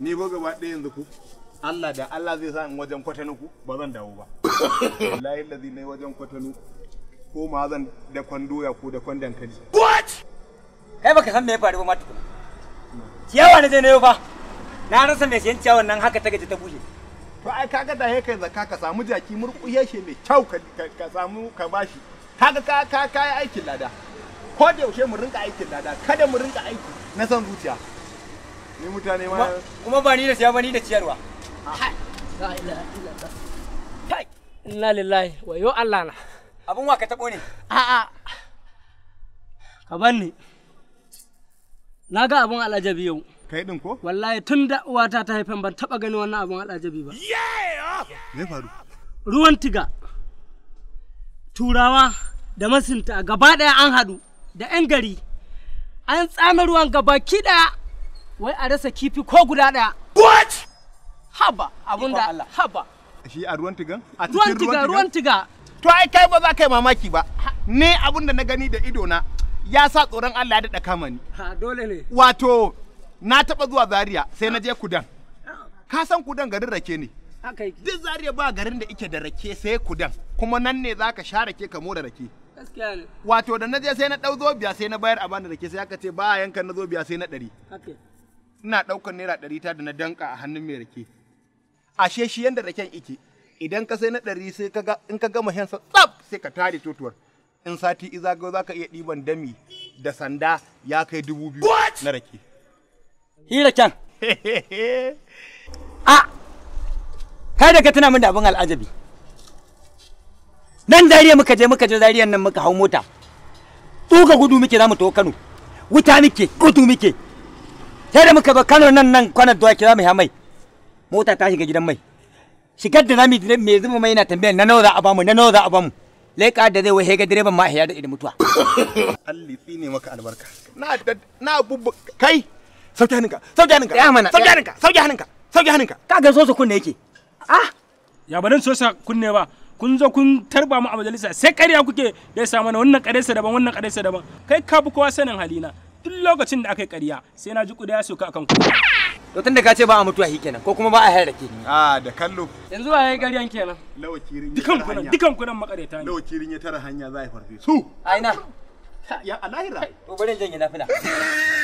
ni ba gaba ɗaya yanzu ku Allah da Allah zai sa in wajen kwatanu ku ba zan dawo ba wallahi lazi ne wajen kwatanu ko ma zan da kwando ya ko da kwan dankali what kai baka san me ya faru ba ma tukuna ciyawa ne zai na yau fa na rasa mai siyan ciyawan nan haka ta gaji ta bushe to ai kaga da kai zaka ka samu jaki ya shi mai kyau ka samu ka bashi kaga ka ka kai aikin lada ko da yaushe mu rinka aikin lada kada mu rinka aiki na san zuciya ni mutane ma kuma ba ni da siya ba ni da ciyarwa inna lillahi wa yo Allah na abun wa ka tabo ne a'a ka banni na ga abun alajabi yau kai din ko wallahi tun da uwata ta haifan ban taba gani wannan abun alajabi ba me faru ruwan tiga turawa da masinta gaba daya an hadu da yan gari an tsame ruwan gaba daya wai a rasa kifi ko guda daya. What? Haba abun da haba. Shi a ruwan tiga A cikin ruwan tiga. Ruwan tiga. To ai kai ba za ka yi mamaki ba. Ni abun da na gani da ido na ya sa tsoron Allah ya daɗa kama ni. Ha dole ne. Wato na taɓa zuwa Zaria sai na je Kudan. Ka san Kudan garin rake ne. Duk Zaria ba garin da ike da rake sai Kudan. Kuma nan ne za ka sha rake ka more rake. Wato da na je sai na ɗau zobiya sai na bayar a bani rake sai aka ce ba yankan na zobiya sai na ɗari. ina ɗaukar naira ɗari ta da na danka a hannun mai rake ashe shi yanda raken ike idan ka sai na ɗari sai ka in ka gama hensa tsaf sai ka tare totuwar in sati iza ga za ka iya ɗiban dami da sanda ya kai dubu biyu na rake. Hira kyan. A, ah! kai da ka tuna min da abin al'ajabi. Nan dariya muka je muka je zariyan nan muka hau mota. Tsuka gudu muke za mu taho Kano. Wuta muke, gudu muke. sai da muka ba kano nan nan kwanan tuwa kira mai hamai mota ta shiga gidan mai shigar da zamu mai zuma mai yana tambayar na nawa za a bamu na nawa za a bamu leƙa da zai wahe ga direban ma ya da idan mutuwa allifi ne maka albarka na na bubu kai sauke hannunka sauke hannunka ya mana sauke hannunka sauke hannunka sauke hannunka ka ga sosa kunne yake ah ya ba dan sosa kunne ba kun zo kun tarba mu a majalisa sai ƙarya kuke da ya sa mana wannan ƙaresa daban wannan ƙaresa daban kai ka bu kowa sanin halina duk lokacin da aka yi ƙarya sai na ji ƙuda ya soka akan ku to tunda ka ce ba a mutuwa shi kenan ko kuma ba a hayar rake a da kallo yanzu ba yi ƙaryan kenan lawa kirin dukan ku nan dukan kudan makareta ne lawa kirin ya tara hanya za a yi farfe su a ina ya alahira to bari janye na fina